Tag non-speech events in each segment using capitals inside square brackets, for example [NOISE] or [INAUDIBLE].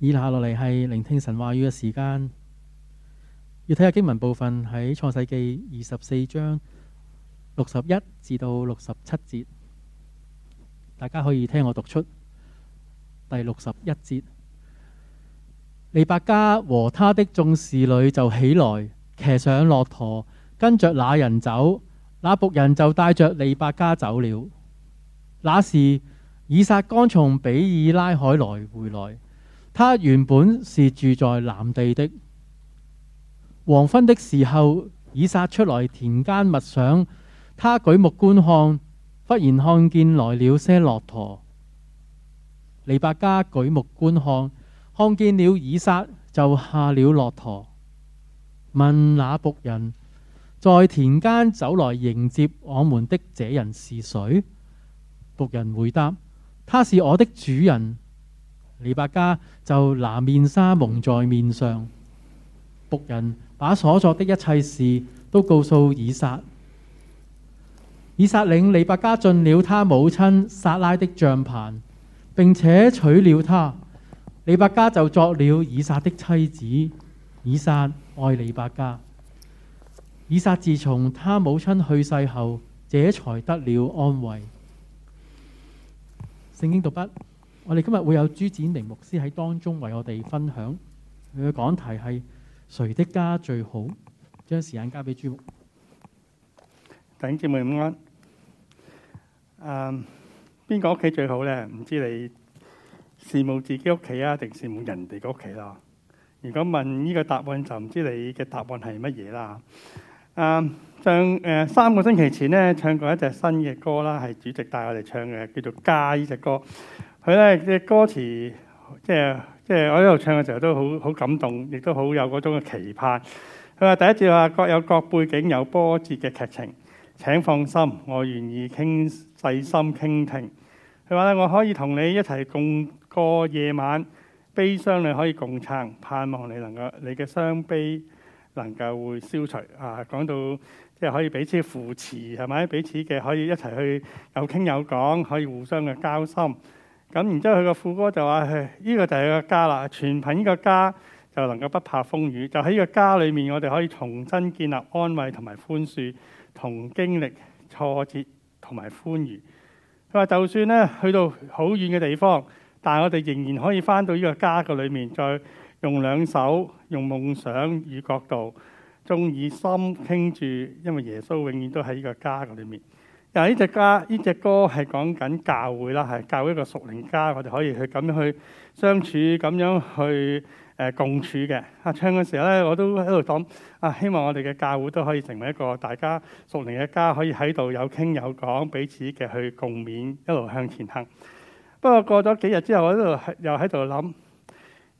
以下落嚟係聆聽神話語嘅時間。要睇下經文部分喺《創世記》二十四章六十一至到六十七節，大家可以聽我讀出第六十一節。利百加和他的眾侍女就起來，騎上駱駝，跟着那人走。那僕人就帶着利百加走了。那時以撒剛從比爾拉海來回來。他原本是住在南地的。黃昏的時候，以撒出來田間默想，他舉目觀看，忽然看見來了些駱駝。利百加舉目觀看，看見了以撒，就下了駱駝，問那僕人：在田間走來迎接我們的這人是誰？僕人回答：他是我的主人。尼伯家就拿面紗蒙在面上，僕人把所作的一切事都告訴以撒。以撒領尼伯家進了他母親撒拉的帳棚，並且娶了她。尼伯家就作了以撒的妻子，以撒愛尼伯家。以撒自從他母親去世後，這才得了安慰。聖經讀畢。我哋今日會有朱展明牧師喺當中為我哋分享，佢嘅講題係誰的家最好？將時間交俾朱牧。大家午安。誒，邊個屋企最好咧？唔知你羨慕自己屋企啊，定羨慕人哋嘅屋企啦？如果問呢個答案，就唔知你嘅答案係乜嘢啦。誒，上誒三個星期前咧，唱過一隻新嘅歌啦，係主席帶我哋唱嘅，叫做《家》呢隻歌。佢咧嘅歌詞，即係即係我喺度唱嘅時候都好好感動，亦都好有嗰種嘅期盼。佢話：第一節話各有各背景，有波折嘅劇情。請放心，我願意傾細心傾聽。佢話咧，我可以同你一齊共過夜晚，悲傷你可以共撐，盼望你能夠你嘅傷悲能夠會消除。啊，講到即係可以彼此扶持係咪？彼此嘅可以一齊去有傾有講，可以互相嘅交心。咁然之後，佢個副歌就話：呢、呢個就係個家啦，全憑個家就能夠不怕風雨。就喺個家裏面，我哋可以重新建立安慰同埋寬恕，同經歷挫折同埋寬恕。佢話：就算咧去到好遠嘅地方，但係我哋仍然可以翻到呢個家嘅裏面，再用兩手用夢想與角度，中以心傾住。」因為耶穌永遠都喺呢個家嗰裏面。啊！呢隻歌呢隻歌係講緊教會啦，係教會一個熟齡家，我哋可以去咁樣去相處，咁樣去誒共處嘅。唱嘅時候咧，我都喺度諗啊，希望我哋嘅教會都可以成為一個大家熟齡嘅家，可以喺度有傾有講，彼此嘅去共勉，一路向前行。不過過咗幾日之後，我喺度又喺度諗，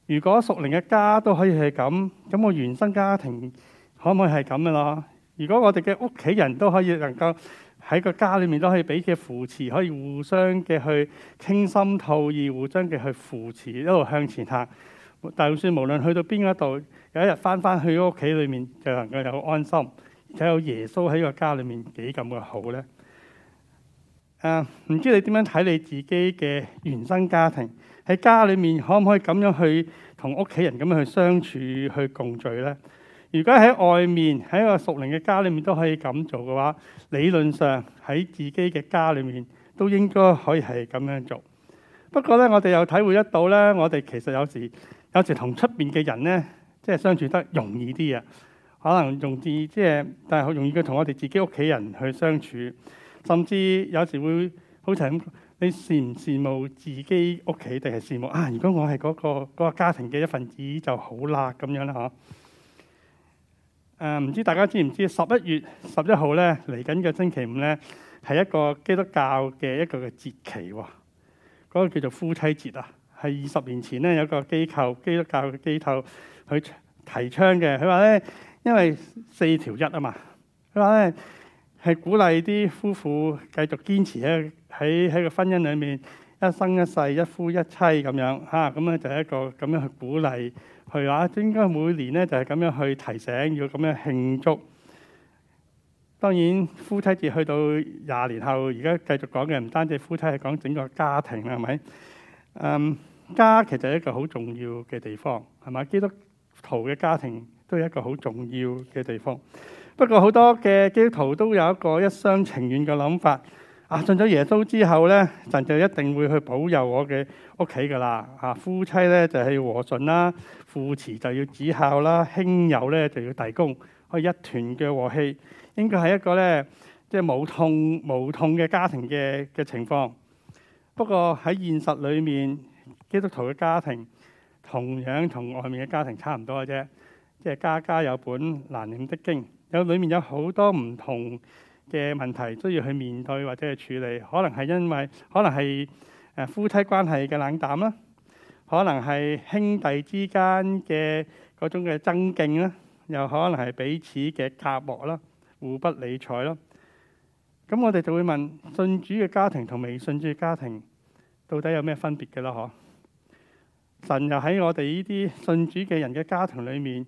如果熟齡嘅家都可以係咁，咁我原生家庭可唔可以係咁嘅咯？如果我哋嘅屋企人都可以能夠。喺個家裏面都可以俾嘅扶持，可以互相嘅去傾心吐意，互相嘅去扶持，一路向前行。但就算無論去到邊一度，有一日翻返去屋企裏面，就能夠有安心，而且有耶穌喺個家裏面幾咁嘅好咧。誒、啊，唔知你點樣睇你自己嘅原生家庭？喺家裏面可唔可以咁樣去同屋企人咁樣去相處、去共聚咧？如果喺外面喺一個熟齡嘅家裏面都可以咁做嘅話，理論上喺自己嘅家裏面都應該可以係咁樣做。不過咧，我哋又體會得到咧，我哋其實有時有時同出面嘅人咧，即係相處得容易啲啊，可能容易即係，但係容易嘅同我哋自己屋企人去相處，甚至有時會好似咁，你羨唔羨慕自己屋企，定係羨慕啊？如果我係嗰個嗰個家庭嘅一份子就好啦，咁樣啦，嗬。誒，唔知大家知唔知十一月十一號，咧，嚟緊嘅星期五咧，係一個基督教嘅一個嘅節期喎，嗰個叫做夫妻節，啊，係二十年前咧，有個機構基督教嘅機構去提倡嘅。佢話咧，因為四條一啊嘛，佢話咧，係鼓勵啲夫婦繼續堅持喺喺喺個婚姻裡面一生一世一夫一妻咁樣嚇，咁咧，就係一個咁樣去鼓勵。去嘅話，應該每年咧就係咁樣去提醒，要咁樣慶祝。當然夫妻節去到廿年後，而家繼續講嘅唔單止夫妻係講整個家庭啦，係咪？嗯，家其實係一個好重要嘅地方，係咪？基督徒嘅家庭都係一個好重要嘅地方。不過好多嘅基督徒都有一個一廂情願嘅諗法。啊！信咗耶穌之後咧，神就一定會去保佑我嘅屋企噶啦。啊，夫妻咧就係和順啦，父慈就要子孝啦，兄友咧就要弟恭，可以一團嘅和氣，應該係一個咧即係冇痛無痛嘅家庭嘅嘅情況。不過喺現實裏面，基督徒嘅家庭同樣同外面嘅家庭差唔多嘅啫。即係家家有本難念的經，有裏面有好多唔同嘅問題都要去面對或者去處理，可能係因為可能係誒夫妻關係嘅冷淡啦，可能係兄弟之間嘅嗰種嘅爭競啦，又可能係彼此嘅隔膜啦，互不理睬啦。咁我哋就會問：信主嘅家庭同未信主嘅家庭到底有咩分別嘅啦？嗬？神又喺我哋呢啲信主嘅人嘅家庭裡面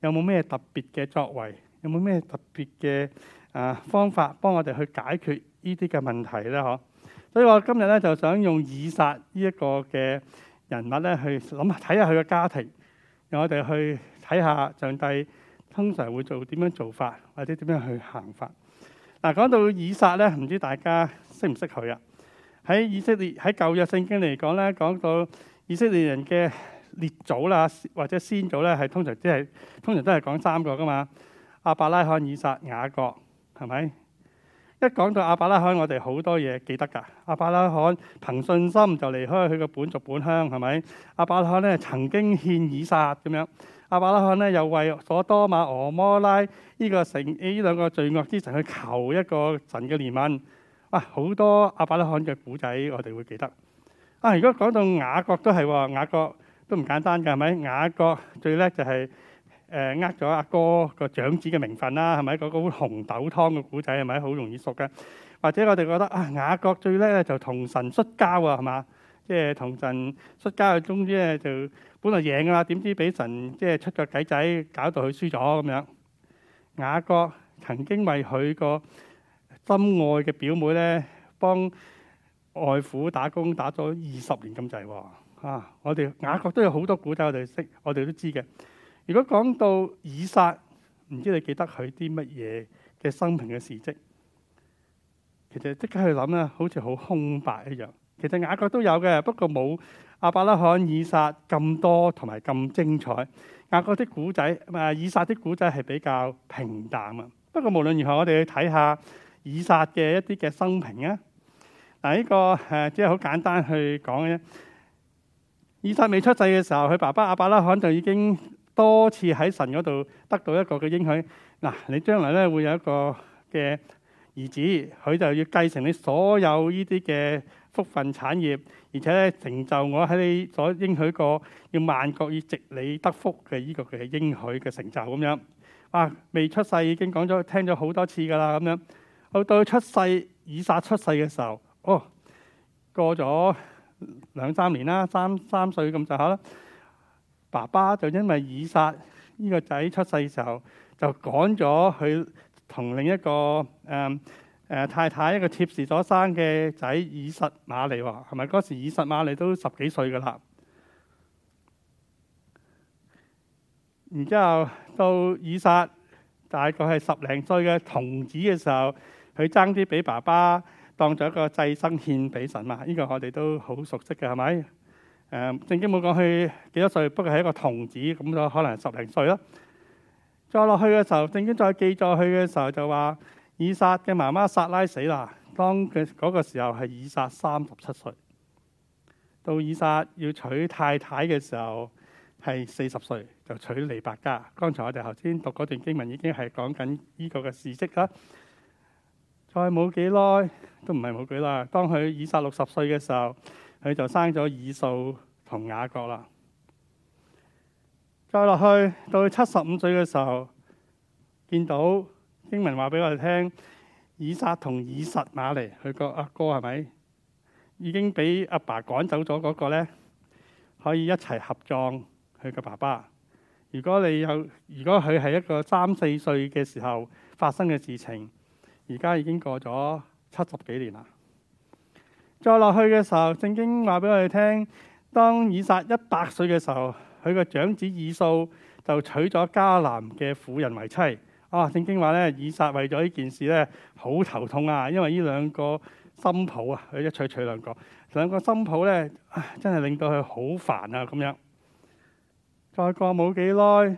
有冇咩特別嘅作為？有冇咩特別嘅？啊！方法幫我哋去解決呢啲嘅問題咧，嗬、啊。所以我今日咧就想用以撒呢一個嘅人物咧，去諗下睇下佢嘅家庭，讓我哋去睇下上帝通常會做點樣做法，或者點樣去行法。嗱、啊，講到以撒咧，唔知大家識唔識佢啊？喺以色列喺舊約聖經嚟講咧，講到以色列人嘅列祖啦，或者先祖咧，係通常即係通常都係講三個㗎嘛，亞伯拉罕、以撒、雅各。係咪？一講到阿伯拉罕，我哋好多嘢記得噶。阿伯拉罕憑信心就離開佢個本族本鄉，係咪？阿伯拉罕咧曾經獻以撒咁樣。阿伯拉罕咧又為所多瑪俄摩拉呢個城呢兩個罪惡之神去求一個神嘅憐憫。哇、啊！好多阿伯拉罕嘅古仔，我哋會記得。啊！如果講到雅各都係喎，雅各都唔簡單㗎，係咪？雅各最叻就係、是。誒呃咗阿哥個長子嘅名分啦，係咪？嗰碗紅豆湯嘅古仔，係咪好容易熟嘅？或者我哋覺得啊，雅各最叻咧就同神摔跤啊，係嘛？即係同神摔跤，總之咧就本來贏啦，點知俾神即係出腳計仔搞到佢輸咗咁樣。雅各曾經為佢個心愛嘅表妹咧幫外父打工打咗二十年咁滯喎。啊，我哋雅各都有好多古仔，我哋識，我哋都知嘅。如果講到以撒，唔知你記得佢啲乜嘢嘅生平嘅事跡。其實即刻去諗咧，好似好空白一樣。其實雅各都有嘅，不過冇阿伯拉罕以撒咁多同埋咁精彩。雅各啲古仔，啊、呃、以撒啲古仔係比較平淡啊。不過無論如何，我哋去睇下以撒嘅一啲嘅生平啊。嗱、這、呢個誒即係好簡單去講嘅啫。以撒未出世嘅時候，佢爸爸阿伯拉罕就已經。多次喺神嗰度得到一個嘅應許，嗱，你將來咧會有一個嘅兒子，佢就要繼承你所有呢啲嘅福分產業，而且咧成就我喺你所應許過，要萬國以直你得福嘅呢個嘅應許嘅成就咁樣。哇、啊！未出世已經講咗聽咗好多次㗎啦，咁樣到到出世以撒出世嘅時候，哦，過咗兩三年啦，三三歲咁就嚇啦。爸爸就因為以撒呢個仔出世嘅時候，就趕咗佢同另一個誒誒、嗯呃、太太一個妾侍所生嘅仔以實瑪利話。係咪嗰時以實瑪利都十幾歲噶啦？然之後到以撒大概係十零歲嘅童子嘅時候，佢爭啲俾爸爸當咗一個祭牲獻俾神嘛？呢、這個我哋都好熟悉嘅係咪？誒，正經冇講佢幾多歲，不過係一個童子咁就可能十零歲咯。再落去嘅時候，正經再記載去嘅時候就話，以撒嘅媽媽撒拉死啦。當佢嗰個時候係以撒三十七歲，到以撒要娶太太嘅時候係四十歲就娶利百加。剛才我哋頭先讀嗰段經文已經係講緊呢個嘅事蹟啦。再冇幾耐都唔係冇幾啦。當佢以撒六十歲嘅時候，佢就生咗以掃同雅各啦。再落去到佢七十五歲嘅時候，見到經文話俾我哋聽，以撒同以實瑪利佢個阿哥係咪已經俾阿爸，爸趕走咗嗰個咧？可以一齊合葬佢個爸爸。如果你有，如果佢係一個三四歲嘅時候發生嘅事情，而家已經過咗七十幾年啦。再落去嘅時候，聖經話俾我哋聽，當以撒一百歲嘅時候，佢個長子以掃就娶咗迦南嘅婦人為妻。啊，聖經話咧，以撒為咗呢件事咧，好頭痛啊，因為兩一觸一觸兩兩呢兩個心抱啊，佢一娶娶兩個，兩個心抱咧，真係令到佢好煩啊，咁樣。再過冇幾耐，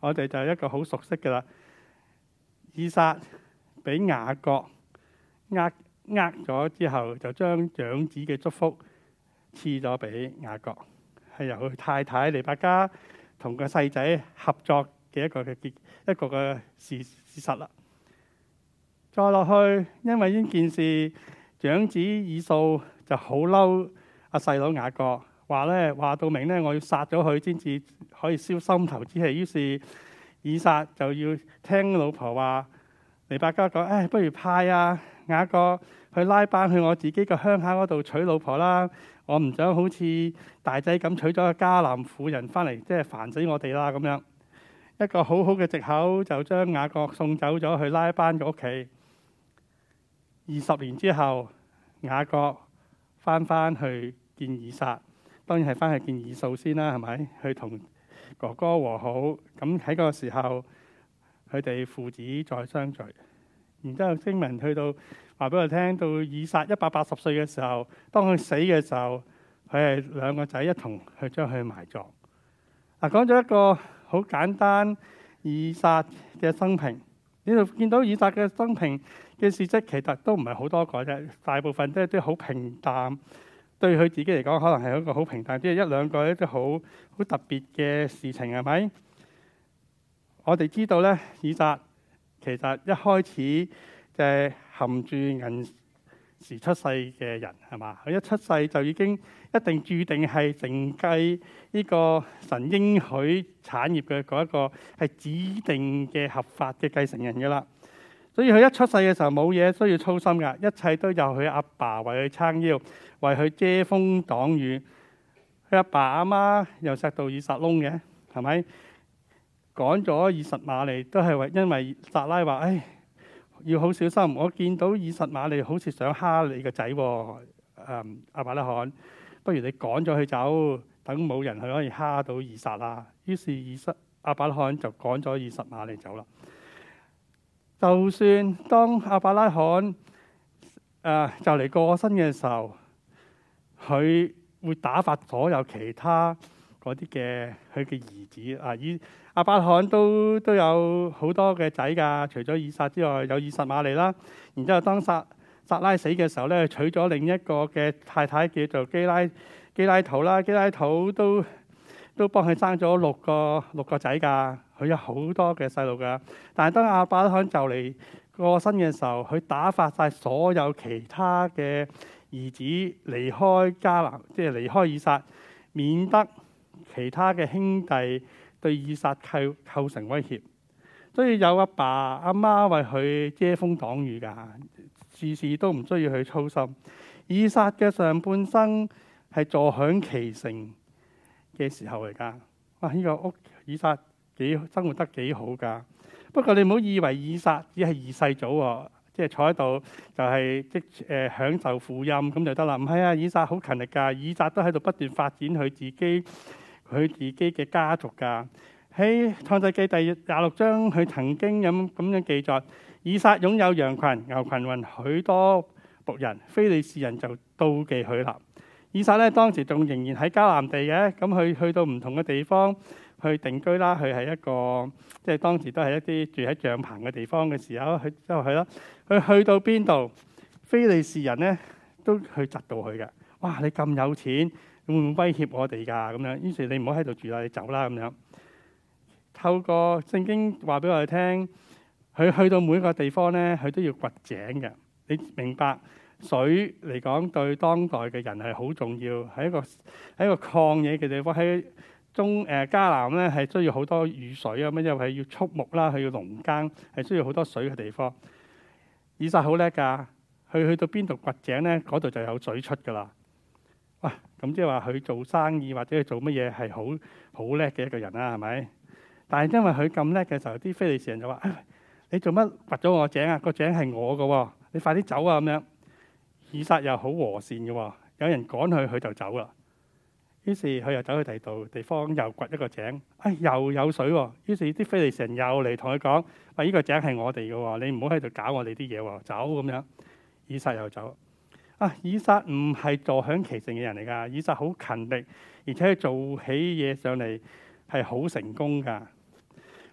我哋就係一個好熟悉嘅啦。以撒俾雅各呃。呃咗之後，就將長子嘅祝福賜咗俾雅各，係由太太利百加同個細仔合作嘅一個嘅結一個嘅事事實啦。再落去，因為呢件事，長子以掃就好嬲阿細佬雅各，話咧話到明咧，我要殺咗佢先至可以消心頭之氣，於是以撒就要聽老婆話，利百加講，唉，不如派啊！雅各去拉班去我自己嘅鄉下嗰度娶老婆啦，我唔想好似大仔咁娶咗個迦南婦人翻嚟，即係煩死我哋啦咁樣。一個好好嘅藉口就將雅各送走咗去拉班嘅屋企。二十年之後，雅各翻翻去見以撒，當然係翻去見以掃先啦，係咪？去同哥哥和好，咁喺個時候，佢哋父子再相聚。然之後，經文去到話俾我聽到以撒一百八十歲嘅時候，當佢死嘅時候，佢係兩個仔一同去將佢埋葬。嗱，講咗一個好簡單以撒嘅生平，你度見到以撒嘅生平嘅事蹟，其實都唔係好多個啫，大部分都係啲好平淡。對佢自己嚟講，可能係一個好平淡，即係一兩個一啲好好特別嘅事情，係咪？我哋知道咧，以撒。其實一開始就係含住銀匙出世嘅人，係嘛？佢一出世就已經一定注定係承繼呢個神應許產業嘅嗰一個係指定嘅合法嘅繼承人嘅啦。所以佢一出世嘅時候冇嘢需要操心嘅，一切都由佢阿爸為佢撐腰，為佢遮風擋雨。佢阿爸阿媽又錫到以撒燶嘅，係咪？趕咗以實瑪利都係為因為撒拉話，唉、哎，要好小心。我見到以實瑪利好似想蝦你個仔，嗯，亞伯拉罕，不如你趕咗佢走，等冇人去可以蝦到以撒啦。於是以實亞伯拉罕就趕咗以實瑪利走啦。就算當亞伯拉罕誒就嚟過身嘅時候，佢會打發所有其他嗰啲嘅佢嘅兒子啊，以。阿伯罕都都有好多嘅仔㗎，除咗以撒之外，有以實瑪利啦。然之後，當撒撒拉死嘅時候咧，娶咗另一個嘅太太叫做基拉基拉土啦。基拉土都都幫佢生咗六個六個仔㗎，佢有好多嘅細路㗎。但係當阿伯罕就嚟過身嘅時候，佢打發晒所有其他嘅兒子離開迦南，即係離開以撒，免得其他嘅兄弟對以撒構構成威脅，所以有阿爸阿媽，媽為佢遮風擋雨㗎，事事都唔需要佢操心。以撒嘅上半生係坐享其成嘅時候嚟㗎。哇！呢、這個屋以撒幾生活得幾好㗎。不過你唔好以為以撒只係二世祖、啊，即、就、係、是、坐喺度就係即誒享受福蔭咁就得啦。唔係啊，以撒好勤力㗎，以撒都喺度不斷發展佢自己。佢自己嘅家族噶，喺創世記第廿六章，佢曾經咁咁樣記載：以撒擁有羊群、牛群，運許多僕人。非利士人就妒忌佢啦。以撒咧，當時仲仍然喺迦南地嘅，咁佢去到唔同嘅地方去定居啦。佢係一個即係當時都係一啲住喺帳棚嘅地方嘅時候，去之後去啦。佢去到邊度，非利士人咧都去窒到佢嘅。哇！你咁有錢～會唔會威脅我哋㗎？咁樣，於是你唔好喺度住啦，你走啦咁樣。透過聖經話俾我哋聽，佢去到每個地方咧，佢都要掘井嘅。你明白水嚟講對當代嘅人係好重要，喺一個喺一個曠野嘅地方，喺中誒、呃、迦南咧係需要好多雨水啊！因為係要畜牧啦，係要農耕，係需要好多水嘅地方。以撒好叻㗎，佢去到邊度掘井咧，嗰度就有水出㗎啦。哇！咁即係話佢做生意或者佢做乜嘢係好好叻嘅一個人啦，係咪？但係因為佢咁叻嘅時候，啲菲利士人就話、哎，你做乜掘咗我井啊？個井係我嘅喎、哦，你快啲走啊！咁樣以撒又好和善嘅喎、哦，有人趕佢，佢就走啦。於是佢又走去第二度地方又掘一個井，啊、哎，又有水喎、哦。於是啲菲利士人又嚟同佢講，話、哎、呢、呢個井係我哋嘅喎，你唔好喺度搞我哋啲嘢喎，走咁樣。以撒又走。啊！以撒唔係坐享其成嘅人嚟噶，以撒好勤力，而且做起嘢上嚟係好成功噶。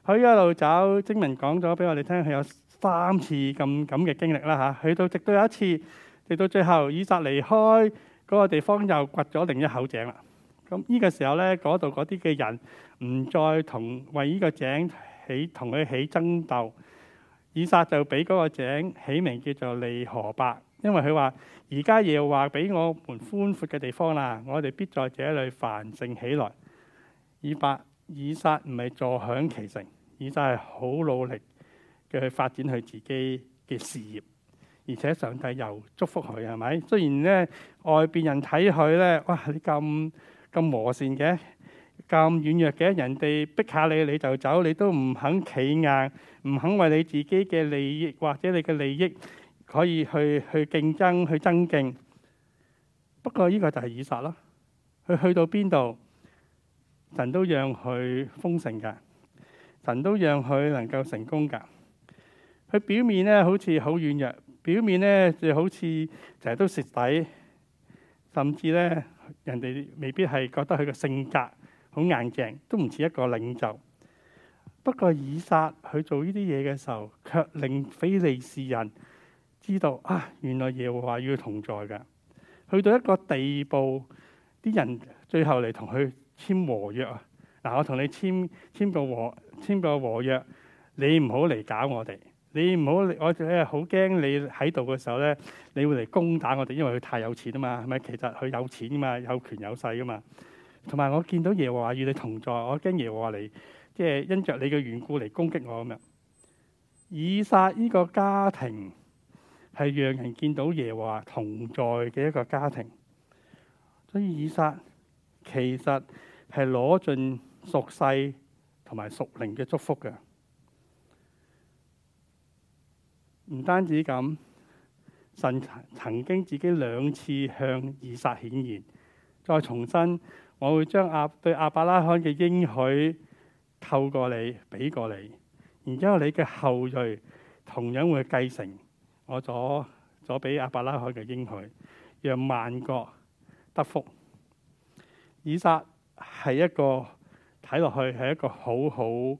佢一路找，精明講咗俾我哋聽，佢有三次咁咁嘅經歷啦嚇。去到直到有一次，直到最後，以撒離開嗰個地方，又掘咗另一口井啦。咁呢個時候咧，嗰度嗰啲嘅人唔再同為依個井起同佢起爭鬥，以撒就俾嗰個井起名叫做利河伯。因為佢話：而家要話俾我們寬闊嘅地方啦，我哋必在這裏繁盛起來。以白以撒唔係坐享其成，以撒係好努力嘅去發展佢自己嘅事業，而且上帝又祝福佢係咪？雖然咧外邊人睇佢咧，哇你咁咁和善嘅，咁軟弱嘅，人哋逼下你你就走，你都唔肯企硬，唔肯為你自己嘅利益或者你嘅利益。可以去去競爭，去增勁。不過，呢個就係以撒啦。佢去到邊度，神都讓佢豐盛㗎。神都讓佢能夠成功㗎。佢表面咧好似好軟弱，表面咧就好似成日都蝕底，甚至咧人哋未必係覺得佢個性格好硬淨，都唔似一個領袖。不過以，以撒去做呢啲嘢嘅時候，卻令菲利士人知道啊，原來耶和華與佢同在嘅。去到一個地步，啲人最後嚟同佢簽和約啊。嗱，我同你簽簽個和簽個和約，你唔好嚟搞我哋。你唔好嚟我哋。好驚你喺度嘅時候咧，你會嚟攻打我哋，因為佢太有錢啊嘛，係咪？其實佢有錢啊嘛，有權有勢啊嘛。同埋我見到耶和華與你同在，我驚耶和華嚟即係因着你嘅緣故嚟攻擊我咁樣，以撒呢個家庭。係讓人見到耶和華同在嘅一個家庭，所以以撒其實係攞盡屬世同埋屬靈嘅祝福嘅，唔單止咁，神曾經自己兩次向以撒顯現，再重申我會將亞對亞伯拉罕嘅應許透過你俾過你，然之後你嘅後裔同樣會繼承。我左左俾阿伯拉罕嘅應許，讓萬國得福。以撒係一個睇落去係一個好好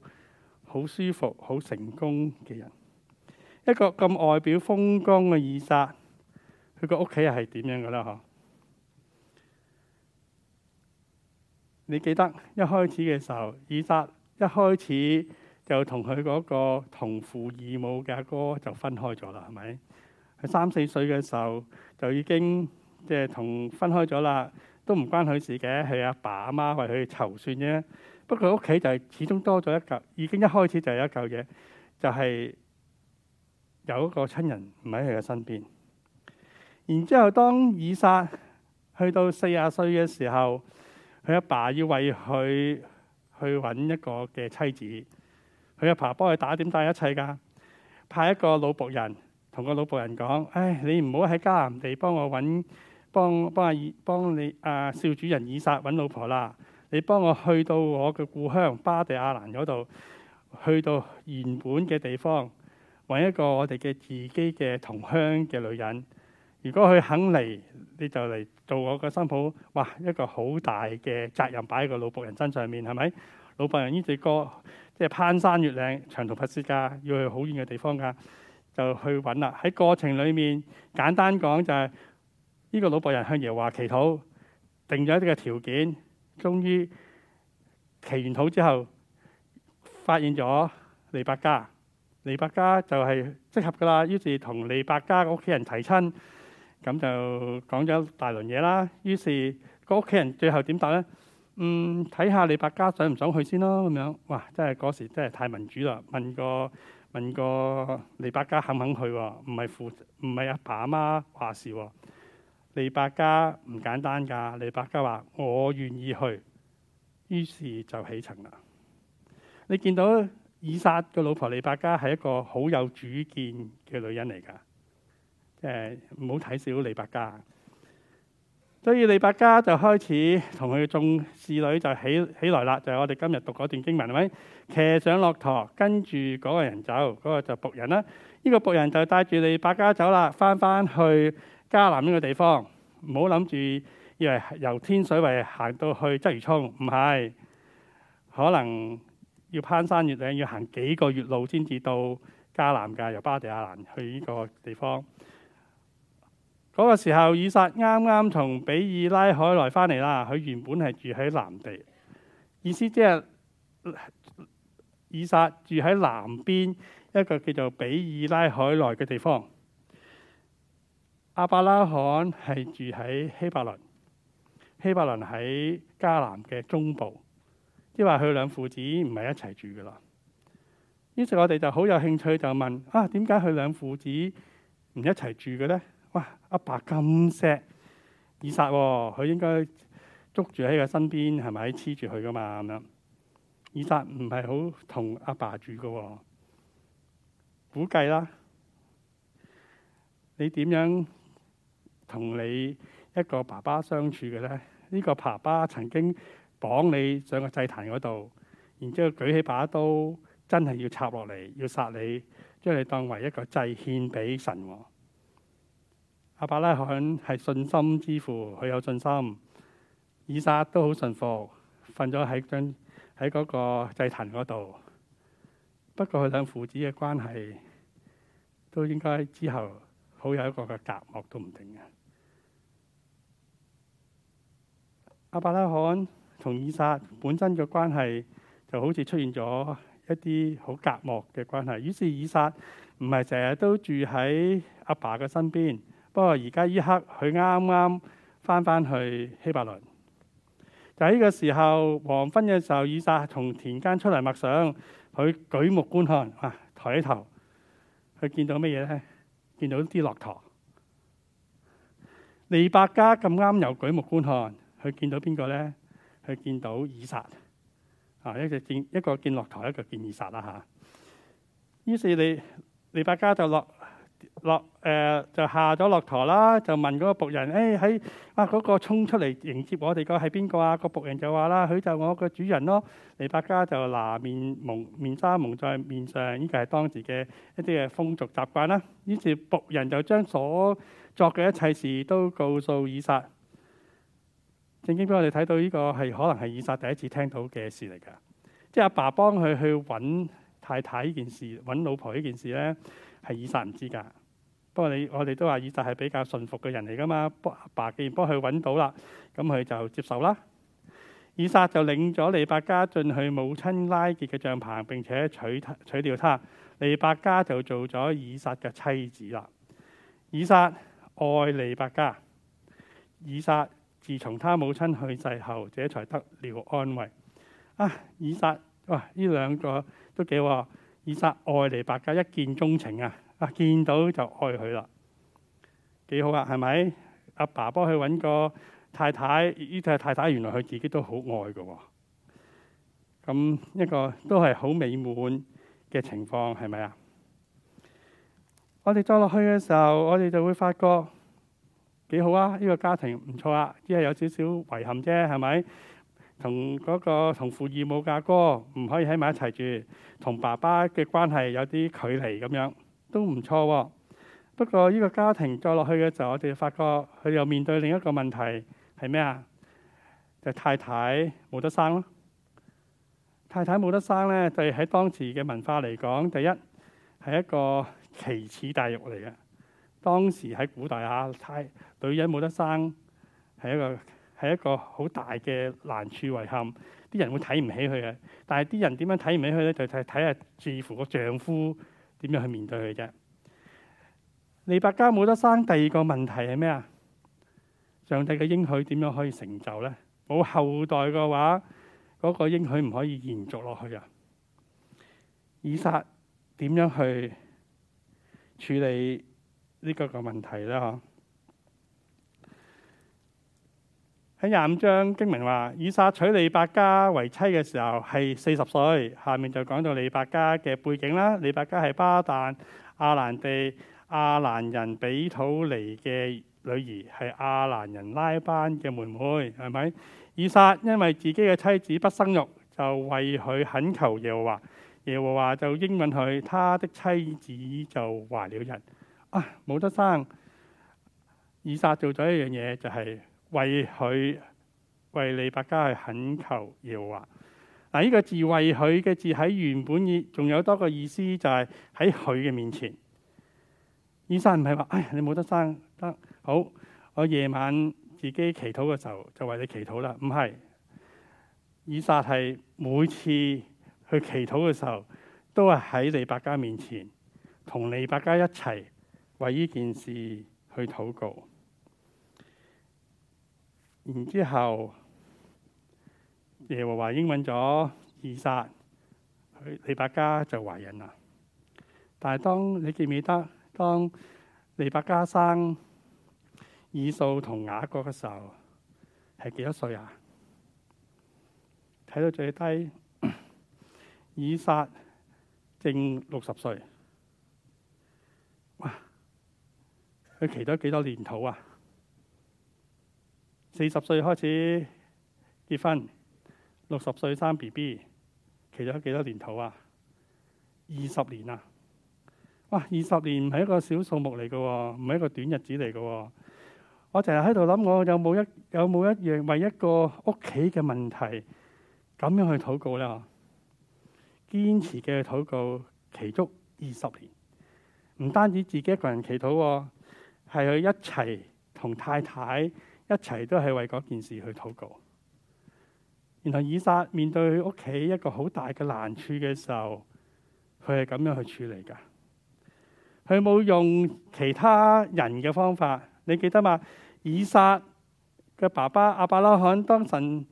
好舒服、好成功嘅人，一個咁外表風光嘅以撒，佢個屋企係點樣嘅啦？嗬？你記得一開始嘅時候，以撒一開始。就同佢嗰個同父異母嘅阿哥就分開咗啦，係咪？喺三四歲嘅時候就已經即係同分開咗啦，都唔關佢事嘅，係阿爸阿媽為佢籌算啫。不過屋企就係始終多咗一嚿，已經一開始就係一嚿嘢，就係有一個親人唔喺佢嘅身邊。然之後，當以撒去到四十歲嘅時候，佢阿爸要為佢去揾一個嘅妻子。佢阿爸幫佢打點曬一切㗎，派一個老僕人，同個老僕人講：唉，你唔好喺迦南地幫我揾，幫幫阿幫你阿、啊、少主人以撒揾老婆啦。你幫我去到我嘅故鄉巴地亞蘭嗰度，去到原本嘅地方揾一個我哋嘅自己嘅同鄉嘅女人。如果佢肯嚟，你就嚟做我嘅新抱。哇，一個好大嘅責任擺喺個老僕人身上面，係咪？老僕人呢隻歌。這個個即係攀山越嶺，長途跋涉㗎，要去好遠嘅地方㗎，就去揾啦。喺過程裡面，簡單講就係呢個老僕人向耶華祈禱，定咗一啲嘅條件，終於祈完禱之後，發現咗利百加，利百加就係適合㗎啦。於是同利百加個屋企人提親，咁就講咗大輪嘢啦。於是個屋企人最後點答咧？嗯，睇下利百加想唔想去先咯，咁樣，哇，真係嗰時真係太民主啦！問過問過利百加肯唔肯去喎？唔係父唔係阿爸阿媽話事喎。利百加唔簡單噶，利百加話我願意去，於是就起程啦。你見到以撒嘅老婆利百加係一個好有主見嘅女人嚟噶，即係唔好睇小利百加。所以利百加就開始同佢眾侍女就起起來啦，就係、是、我哋今日讀嗰段經文係咪？騎上駱駝跟住嗰個人走，嗰、那個就僕人啦。呢、這個僕人就帶住利百加走啦，返返去迦南呢個地方。唔好諗住以為由天水圍行到去鰂魚涌，唔係，可能要攀山越嶺，要行幾個月路先至到迦南㗎。由巴地亞蘭去呢個地方。嗰個時候，以撒啱啱從比爾拉海萊返嚟啦。佢原本係住喺南地，意思即係以撒住喺南邊一個叫做比爾拉海萊嘅地方。阿伯拉罕係住喺希伯倫，希伯倫喺加南嘅中部，即係話佢兩父子唔係一齊住噶啦。於是，我哋就好有興趣就問啊：「點解佢兩父子唔一齊住嘅呢？」哇！阿爸咁錫以撒喎，佢應該捉住喺佢身邊，係咪黐住佢噶嘛？咁樣，以撒唔係好同阿爸住噶喎，估計啦。你點樣同你一個爸爸相處嘅咧？呢個爸爸曾經綁你上個祭壇嗰度，然之後舉起把刀，真係要插落嚟，要殺你，將你當為一個祭獻俾神喎。阿伯拉罕係信心之父，佢有信心。以撒都好信服，瞓咗喺喺嗰個祭壇嗰度。不過佢兩父子嘅關係都應該之後好有一個嘅隔膜，都唔定嘅。阿伯拉罕同以撒本身嘅關係就好似出現咗一啲好隔膜嘅關係，於是以撒唔係成日都住喺阿爸嘅身邊。不過而家依刻佢啱啱翻翻去希伯倫，就喺呢個時候黃昏嘅時候，以撒從田間出嚟默想，佢舉目觀看啊，抬起頭，佢見到乜嘢咧？見到啲駱駝。利百加咁啱又舉目觀看，佢、啊、見到邊個咧？佢見，見，見到以撒，啊，一隻見一個見駱駝，一個見以撒啦嚇。於、啊、是你利百加就落。落誒，呃、就下咗駱駝啦，就問嗰個僕人，誒、欸、喺啊嗰，那個衝出嚟迎接我哋個係邊個啊？個僕人就話啦，佢就我個主人咯，啊。尼伯家就拿面蒙面紗蒙在面上，呢個係當時嘅一啲嘅風俗習慣啦，啊。於是僕人就將所作嘅一切事都告訴以撒。聖經俾我哋睇到呢個係可能係以撒第一次聽到嘅事嚟噶，即係阿爸幫佢去揾太太呢件事、揾老婆呢件事咧，係以撒唔知噶。不過你我哋都話以撒係比較信服嘅人嚟㗎嘛，爸爸既然幫佢揾到啦，咁佢就接受啦。以撒就領咗利百加進去母親拉結嘅帳棚，並且娶娶掉他。利百加就做咗以撒嘅妻子啦。以撒愛利百加。以撒自從他母親去世後，這才得了安慰。啊，以撒哇！呢兩個都幾喎。以撒愛利百加一見鐘情啊！啊！見到就愛佢啦，幾好啊，係咪阿爸幫佢揾個太太？呢個太太原來佢自己都好愛嘅喎。咁、嗯、一個都係好美滿嘅情況，係咪啊？我哋再落去嘅時候，我哋就會發覺幾好啊！呢、呢個家庭唔錯啊，只係有少少遺憾啫，係咪同嗰個同父異母嘅阿哥唔可以喺埋一齊住，同爸爸嘅關係有啲距離咁樣。都唔錯喎，不過呢個家庭再落去嘅時候，我哋發覺佢又面對另一個問題係咩啊？就是、太太冇得生咯。太太冇得生咧，對、就、喺、是、當時嘅文化嚟講，第一係一個奇恥大辱嚟嘅。當時喺古代啊，太女人冇得生係一個係一個好大嘅難處遺憾，啲人會睇唔起佢嘅。但係啲人點樣睇唔起佢咧？就係睇下至乎個丈夫。點樣去面對佢啫？利百加冇得生，第二個問題係咩啊？上帝嘅應許點樣可以成就呢？冇後代嘅話，嗰、那個應許唔可以延續落去啊？以撒點樣去處理呢個個問題呢？嗬？喺廿五章經，經文話以撒娶利百加為妻嘅時候係四十歲。下面就講到利百加嘅背景啦。利百加係巴旦亞蘭地亞蘭人彼土利嘅女兒，係亞蘭人拉班嘅妹妹，係咪？以撒因為自己嘅妻子不生育，就為佢懇求耶和華。耶和華就應允佢，他的妻子就懷了孕。啊，冇得生！以撒做咗一樣嘢就係、是。為佢為利百加去懇求耶和華，嗱，呢個字為佢嘅字喺原本意，仲有多個意思就係喺佢嘅面前。以撒唔係話，唉，你冇得生得好，我夜晚自己祈禱嘅時候就為你祈禱啦。唔係，以撒係每次去祈禱嘅時候都係喺利百加面前，同利百加一齊為呢件事去禱告。然之後，耶和華應允咗以撒，利百嘉就懷孕啦。但係當你記唔記得，當利百嘉生以掃同雅各嘅時候，係幾多歲啊？睇到最低， [COUGHS] 以撒正六十歲。哇！佢期咗幾多年頭啊？四十歲開始結婚，六十歲生 B B，祈咗幾多年頭啊？二十年啊！哇，二十年唔係一個小數目嚟嘅，唔係一個短日子嚟嘅。我成日喺度諗，我有冇一有冇一樣為一個屋企嘅問題咁樣去禱告咧？堅持嘅禱告，祈足二十年，唔單止自己一個人祈禱，係佢一齊同太太。一齊都係為嗰件事去禱告，然後以撒面對佢屋企一個好大嘅難處嘅時候，佢係咁樣去處理噶。佢冇用其他人嘅方法，你記得嘛？以撒嘅爸爸阿巴拉罕當神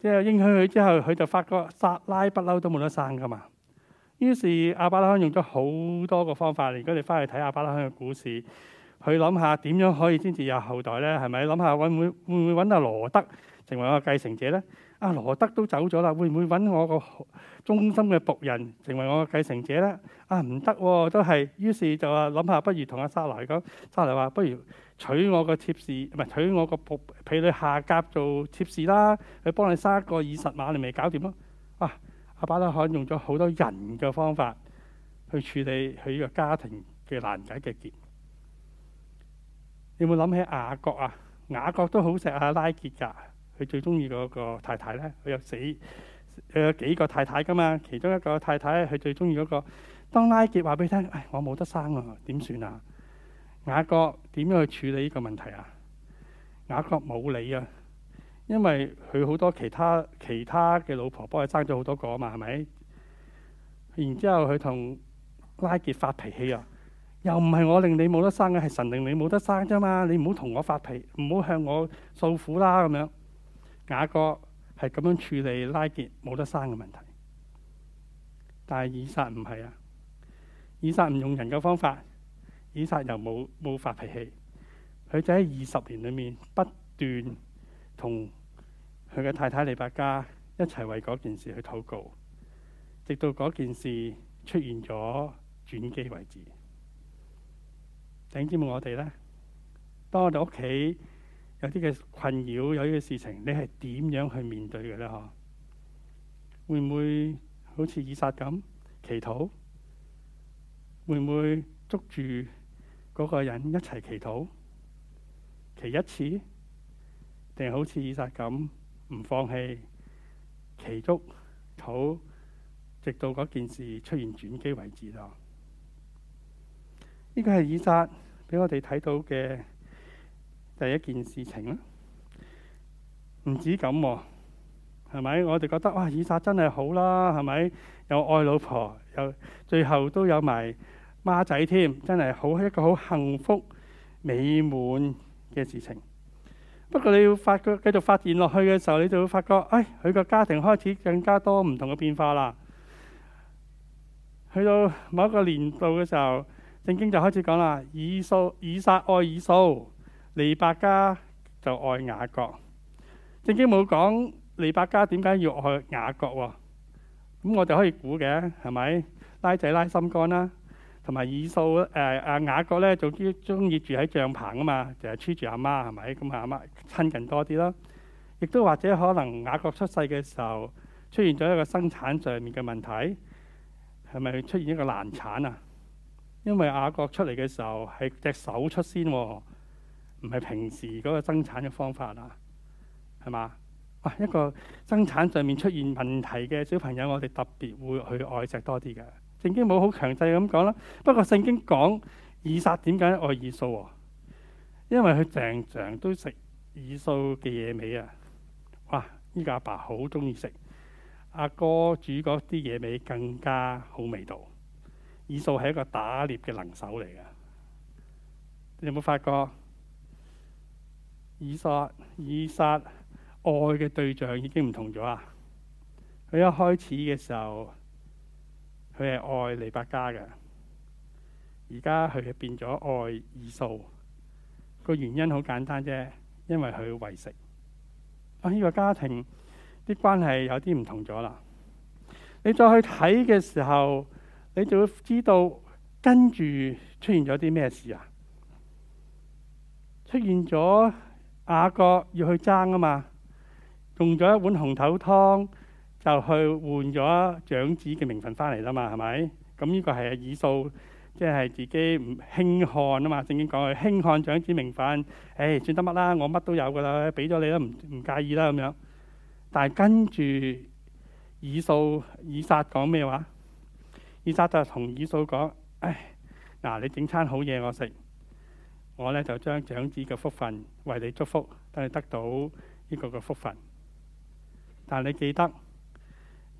即係應許佢之後，佢就發覺撒拉不嬲都冇得生噶嘛。於是阿巴拉罕用咗好多個方法，如果你翻去睇阿巴拉罕嘅故事。佢諗下點樣可以先至有後代咧？係咪諗下揾會會唔會揾阿羅德成為我嘅繼承者咧？阿羅德都走咗啦，會唔會揾我個忠心嘅僕人成為我嘅繼承者咧？啊，唔得，都係，於是就話諗下不如同阿撒萊講，撒萊話不如娶我個妾侍，唔係娶我個僕婢女下嫁做妾侍啦，去幫你生一個以實瑪利，你咪搞掂咯。啊，亞伯拉罕用咗好多人嘅方法去處理佢呢個家庭嘅難解嘅結。有冇諗起雅各啊？雅各都好錫阿拉杰噶，佢最中意嗰個太太咧，佢有死誒幾個太太噶嘛？其中一個太太，佢最中意嗰個。當拉杰話俾你聽：唉，我冇得生啊，點算啊？雅各點樣去處理呢個問題啊？雅各冇理啊，因為佢好多其他其他嘅老婆，幫佢生咗好多個啊嘛，係咪？然之後佢同拉杰發脾氣啊！又唔係我令你冇得生嘅，係神令你冇得生啫嘛。你唔好同我發脾，唔好向我訴苦啦。咁樣雅各係咁樣處理拉結冇得生嘅問題，但係以撒唔係啊。以撒唔用人嘅方法，以撒又冇冇發脾氣。佢就喺二十年裏面不斷同佢嘅太太利百加一齊為嗰件事去禱告，直到嗰件事出現咗轉機為止。整支我哋呢，當我哋屋企有啲嘅困擾，有啲嘅事情，你係點樣去面對嘅呢？嗬，會唔會好似以撒咁祈禱？會唔會捉住嗰個人一齊祈禱？祈一次，定好似以撒咁唔放棄祈祝禱，直到嗰件事出現轉機為止咯。呢個係以撒俾我哋睇到嘅第一件事情啦。唔止咁喎、啊，係咪？我哋覺得哇，以撒真係好啦、啊，係咪？有愛老婆，有最後都有埋孖仔添，真係好一個好幸福美滿嘅事情。不過你要發覺繼續發展落去嘅時候，你就會發覺，哎，佢個家庭開始更加多唔同嘅變化啦。去到某一個年度嘅時候。正經就開始講啦，以掃以撒愛以掃，利百加就愛雅各。正經冇講利百加點解要愛雅各喎、啊？咁我哋可以估嘅，係咪？拉仔拉心肝啦、啊，同埋以掃誒阿雅各咧，總之中意住喺帳棚啊嘛，就係黐住阿媽，係咪？咁阿媽，媽親近多啲啦、啊。亦都或者可能雅各出世嘅時候出現咗一個生產上面嘅問題，係咪出現一個難產啊？因為雅各出嚟嘅時候係隻手出先，唔係平時嗰個生產嘅方法啦、啊，係嘛？哇！一個生產上面出現問題嘅小朋友，我哋特別會去愛錫多啲嘅。聖經冇好強制咁講啦。不過聖經講以撒點解愛以掃、啊？因為佢成場都食以掃嘅野味啊！哇！呢個阿爸好中意食，阿哥，哥煮嗰啲野味更加好味道。以掃係一個打獵嘅能手嚟嘅，你有冇發覺？以掃，以撒愛嘅對象已經唔同咗啊！佢一開始嘅時候，佢係愛利百加嘅，而家佢變咗愛以掃。個原因好簡單啫，因為佢為食。啊，呢、這個家庭啲關係有啲唔同咗啦。你再去睇嘅時候。你就會知道跟住出現咗啲咩事啊？出現咗雅各要去爭啊嘛，用咗一碗紅頭湯就去換咗長子嘅名分翻嚟啦嘛，係咪？咁呢個係以掃，即係自己唔輕看啊嘛。正經講，輕看長子名分，誒，算得乜啦？我乜都有噶啦，俾咗你啦，唔唔介意啦咁樣。但係跟住以掃以撒講咩話？以撒就同以掃講：唉，嗱，你整餐好嘢我食，我咧就將長子嘅福分為你祝福，等你得到呢個嘅福分。但係你記得，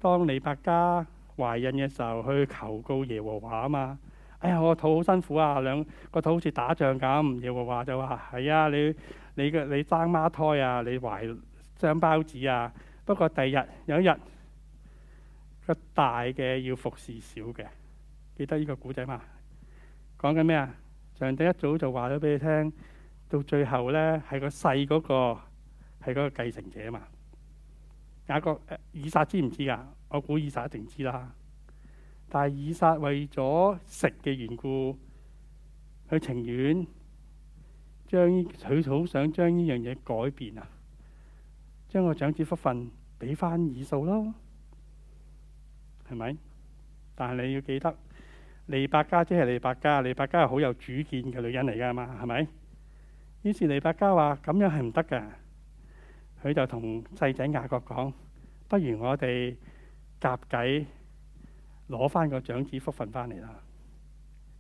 當利百加懷孕嘅時候去求告耶和華啊嘛，哎呀，我個肚好辛苦啊，兩個肚好似打仗咁。耶和華就話：係啊，你你嘅你，你生孖胎啊，你懷雙包子啊。不過第二日有一日。個大嘅要服侍小嘅，記得呢個古仔嘛？講緊咩啊？上帝一早就話咗俾你聽，到最後呢，係個細嗰個，係嗰個繼承者嘛。雅各，呃、以撒知唔知啊？我估以撒一定知啦。但係以撒為咗食嘅緣故，佢情願將佢好想將呢樣嘢改變啊，將個長子福份俾翻以掃咯。係咪？但係你要記得，利百加即係利百加，利百加係好有主見嘅女人嚟噶嘛？係咪？於是利百加話咁樣係唔得嘅，佢就同細仔雅各講：不如我哋夾計攞翻個長子福分返嚟啦！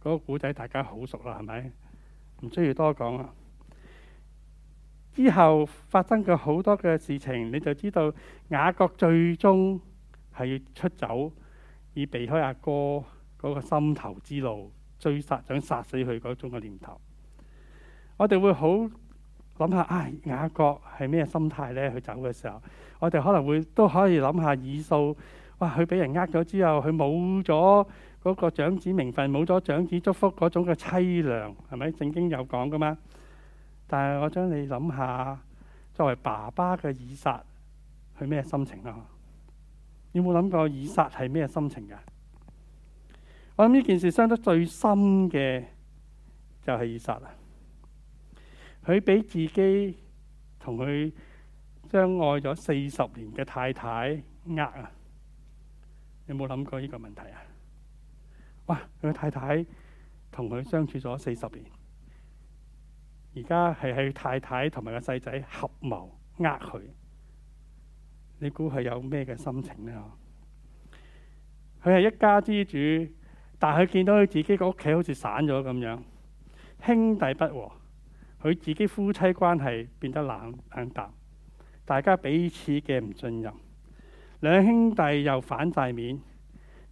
嗰個古仔大家好熟啦，係咪？唔需要多講啦。之後發生嘅好多嘅事情，你就知道雅各最終。係要出走，以避開阿哥嗰個心頭之路，追殺，想殺死佢嗰種嘅念頭。我哋會好諗下，阿、哎、雅各係咩心態呢？佢走嘅時候，我哋可能會都可以諗下以掃。哇！佢俾人呃咗之後，佢冇咗嗰個長子名分，冇咗長子祝福嗰種嘅凄涼，係咪？聖經有講噶嘛？但係我將你諗下，作為爸爸嘅以撒，佢咩心情啦、啊？有冇諗過以撒係咩心情噶？我諗呢件事傷得最深嘅就係以撒啦。佢俾自己同佢相愛咗四十年嘅太太呃啊！有冇諗過呢個問題啊？哇！佢太太同佢相處咗四十年，而家係喺太太同埋個細仔合謀呃佢。你估佢有咩嘅心情呢？佢係一家之主，但佢見到佢自己個屋企好似散咗咁樣，兄弟不和，佢自己夫妻關係變得冷冷淡，大家彼此嘅唔信任，兩兄弟又反晒面，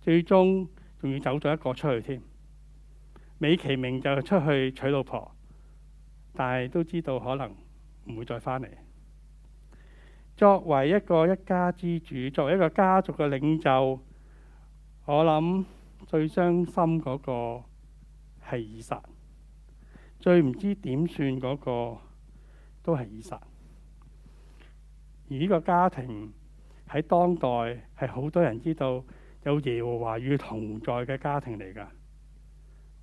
最終仲要走咗一個出去添。美其名就出去娶老婆，但係都知道可能唔會再返嚟。作為一個一家之主，作為一個家族嘅領袖，我諗最傷心嗰個係以撒，最唔知點算嗰個都係以撒。而呢個家庭喺當代係好多人知道有耶和華與同在嘅家庭嚟㗎。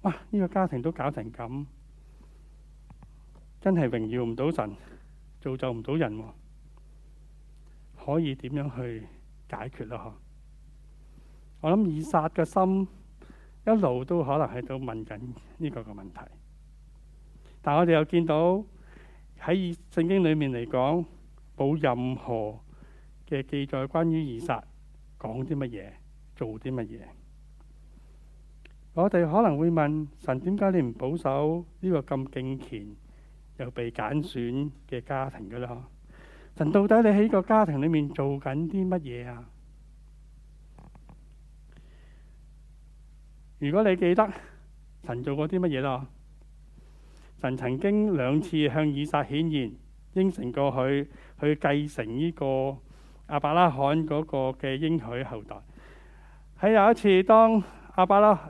哇！呢、這個家庭都搞成咁，真係榮耀唔到神，造就唔到人喎。可以點樣去解決咯？我諗以撒嘅心一路都可能喺度問緊呢個嘅問題。但我哋又見到喺聖經裏面嚟講，冇任何嘅記載關於以撒講啲乜嘢，做啲乜嘢。我哋可能會問神：點解你唔保守呢個咁敬虔又被揀選嘅家庭嘅啦？神到底你喺個家庭裏面做緊啲乜嘢啊？如果你記得神做過啲乜嘢咯？神曾經兩次向以撒顯現，應承過佢去，去繼承呢個阿伯拉罕嗰個嘅應許後代。喺有一次當阿伯拉罕，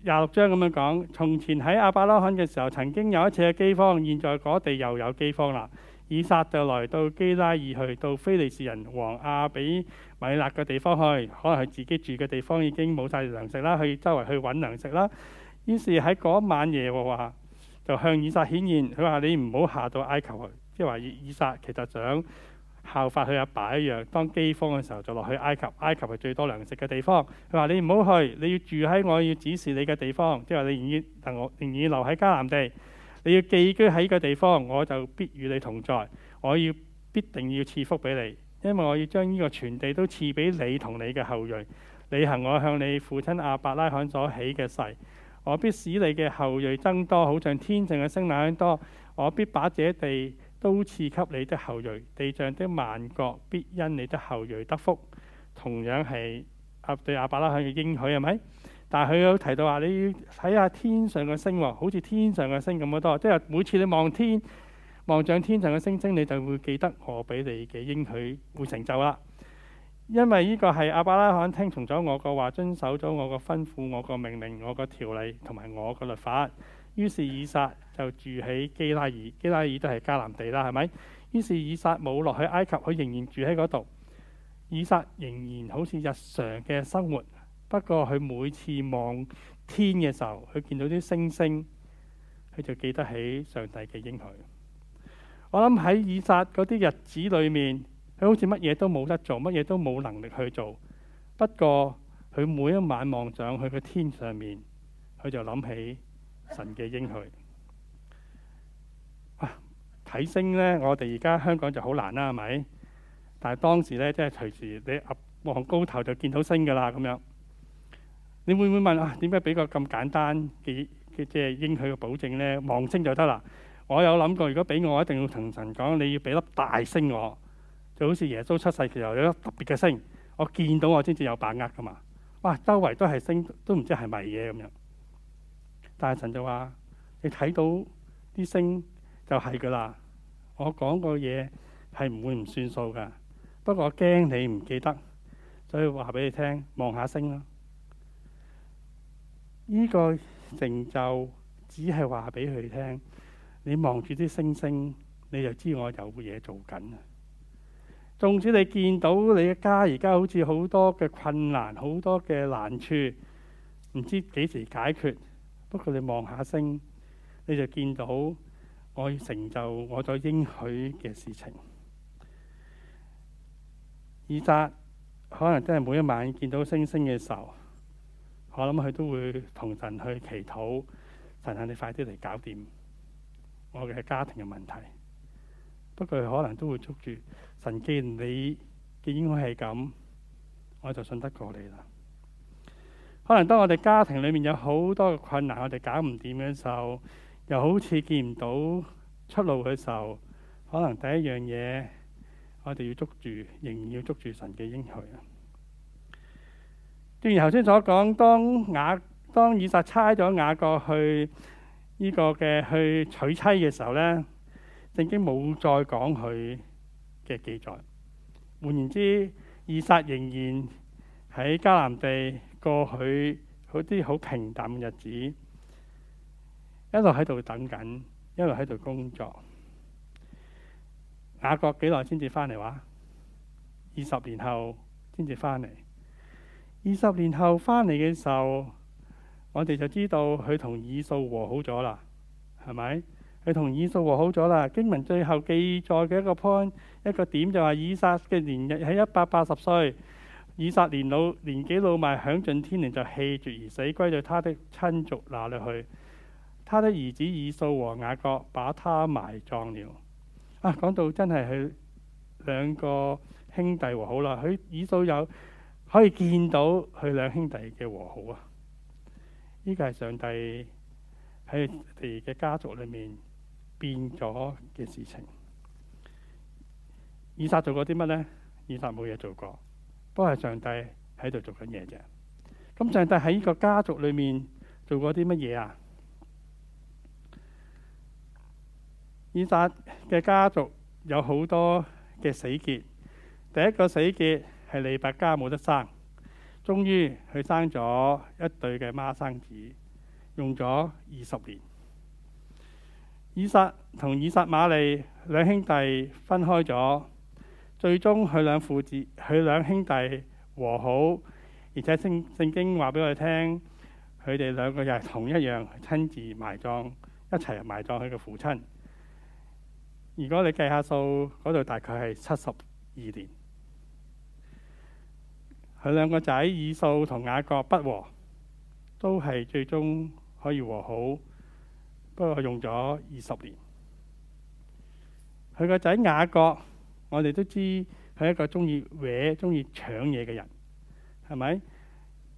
廿六章咁樣講，從前喺阿伯拉罕嘅時候，曾經有一次嘅饑荒，現在嗰地又有饑荒啦。以撒就來到基拉爾去，到非利士人王亞比米勒嘅地方去，可能係自己住嘅地方已經冇晒糧食啦，去周圍去揾糧食啦。於是喺嗰晚夜喎話就向以撒顯現，佢話你唔好下到埃及去，即係話以以撒其實想效法佢阿爸一樣，當饑荒嘅時候就落去埃及，埃及係最多糧食嘅地方。佢話你唔好去，你要住喺我，我要指示你嘅地方，即係話你仍然留喺迦南地。你要寄居喺個地方，我就必與你同在。我要必定要賜福俾你，因為我要將呢個全地都賜俾你同你嘅後裔。你行我向你父親亞伯拉罕所起嘅誓，我必使你嘅後裔增多，好像天上嘅星那樣多。我必把這地都賜給你的後裔，地上的萬國必因你的後裔得福。同樣係亞對亞伯拉罕嘅應許，係咪？是但係佢有提到話，你睇下天上嘅星，好似天上嘅星咁多。即係每次你望天，望著天上嘅星星，你就會記得我俾你嘅應許會成就啦。因為呢個係阿伯拉罕聽從咗我個話，遵守咗我個吩咐、我個命令、我個條例同埋我個律法。於是以撒就住喺基拉耳，基拉耳都係迦南地啦，係咪？於是以撒冇落去埃及，佢仍然住喺嗰度。以撒仍然好似日常嘅生活。不過，佢每次望天嘅時候，佢見到啲星星，佢就記得起上帝嘅應許。我諗喺以撒嗰啲日子裏面，佢好似乜嘢都冇得做，乜嘢都冇能力去做。不過，佢每一晚望上去嘅天上面，佢就諗起神嘅應許。啊，睇星呢，我哋而家香港就好難啦，係咪？但係當時呢，即係隨時你望高頭就見到星㗎喇，咁樣。你會唔會問啊？點解俾個咁簡單嘅嘅即係應許嘅保證呢？望星就得啦。我有諗過，如果俾我，我一定要同神講，你要俾粒大星我，就好似耶穌出世其實有粒特別嘅星，我見到我先至有把握噶嘛。哇！周圍都係星，都唔知係咪嘢咁樣。但係神就話，你睇到啲星就係噶啦。我講個嘢係唔會唔算數噶，不過我驚你唔記得，所以話俾你聽，望下星啦。呢個成就只係話俾佢聽，你望住啲星星，你就知我有嘢做緊啊！縱使你見到你嘅家而家好似好多嘅困難，好多嘅難處，唔知幾時解決，不過你望下星，你就見到我成就我所應許嘅事情。以扎可能真係每一晚見到星星嘅時候。我諗佢都會同神去祈禱，神啊，你快啲嚟搞掂我嘅家庭嘅問題。不過佢可能都會捉住神，既然你嘅應許係咁，我就信得過你啦。可能當我哋家庭裏面有好多嘅困難，我哋搞唔掂嘅時候，又好似見唔到出路嘅時候，可能第一樣嘢我哋要捉住，仍然要捉住神嘅應許。正如頭先所講，當雅當以撒差咗雅各去呢、這個嘅去娶妻嘅時候呢，聖經冇再講佢嘅記載。換言之，以撒仍然喺迦南地過去嗰啲好平淡嘅日子，一路喺度等緊，一路喺度工作。雅各幾耐先至返嚟話？二十年後先至返嚟。二十年後翻嚟嘅時候，我哋就知道佢同以掃和好咗啦，係咪？佢同以掃和好咗啦。經文最後記載嘅一個 point，一個點就係以撒嘅年日係一百八十歲。以撒年老，年紀老邁，享盡天年，就氣絕而死，歸到他的親族那裏去。他的兒子以掃和雅各把他埋葬了。啊，講到真係佢兩個兄弟和好啦。佢以掃有。可以見到佢兩兄弟嘅和好啊！呢個係上帝喺佢哋嘅家族裏面變咗嘅事情。以撒做過啲乜呢？以撒冇嘢做過，都係上帝喺度做緊嘢啫。咁上帝喺呢個家族裏面做過啲乜嘢啊？以撒嘅家族有好多嘅死結，第一個死結。係利百加冇得生，終於佢生咗一對嘅孖生子，用咗二十年。以撒同以撒瑪利兩兄弟分開咗，最終佢兩父子，佢兩兄弟和好，而且聖聖經話俾我哋聽，佢哋兩個又係同一樣親自埋葬，一齊埋葬佢嘅父親。如果你計下數，嗰度大概係七十二年。佢兩個仔以掃同雅各不和，都係最終可以和好，不過用咗二十年。佢個仔雅各，我哋都知佢係一個中意搲、中意搶嘢嘅人，係咪？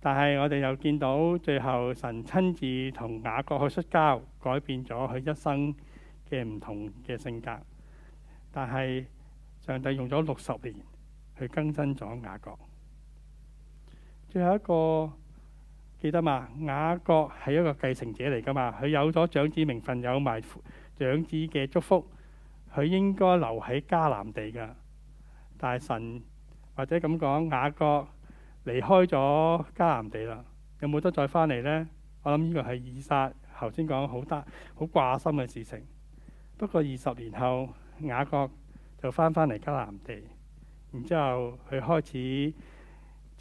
但係我哋又見到最後神親自同雅各去摔跤，改變咗佢一生嘅唔同嘅性格。但係上帝用咗六十年去更新咗雅各。最後一個記得嘛？雅各係一個繼承者嚟噶嘛？佢有咗長子名分，有埋長子嘅祝福，佢應該留喺迦南地噶。大神或者咁講，雅各離開咗迦南地啦，有冇得再返嚟呢？我諗呢個係以撒頭先講好大好掛心嘅事情。不過二十年後，雅各就返返嚟迦南地，然之後佢開始。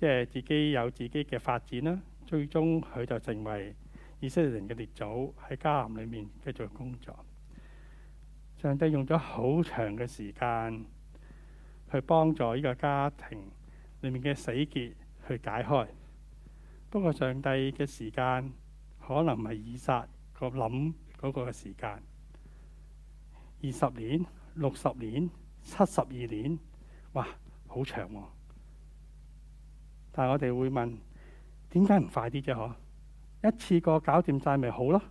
即係自己有自己嘅發展啦，最終佢就成為以色列人嘅列祖喺迦南裏面繼續工作。上帝用咗好長嘅時間去幫助呢個家庭裏面嘅死結去解開。不過上帝嘅時間可能唔係以撒個諗嗰個嘅時間，二十年、六十年、七十二年，哇，好長喎，啊！但係我哋會問點解唔快啲啫？嗬，一次過搞掂晒咪好咯，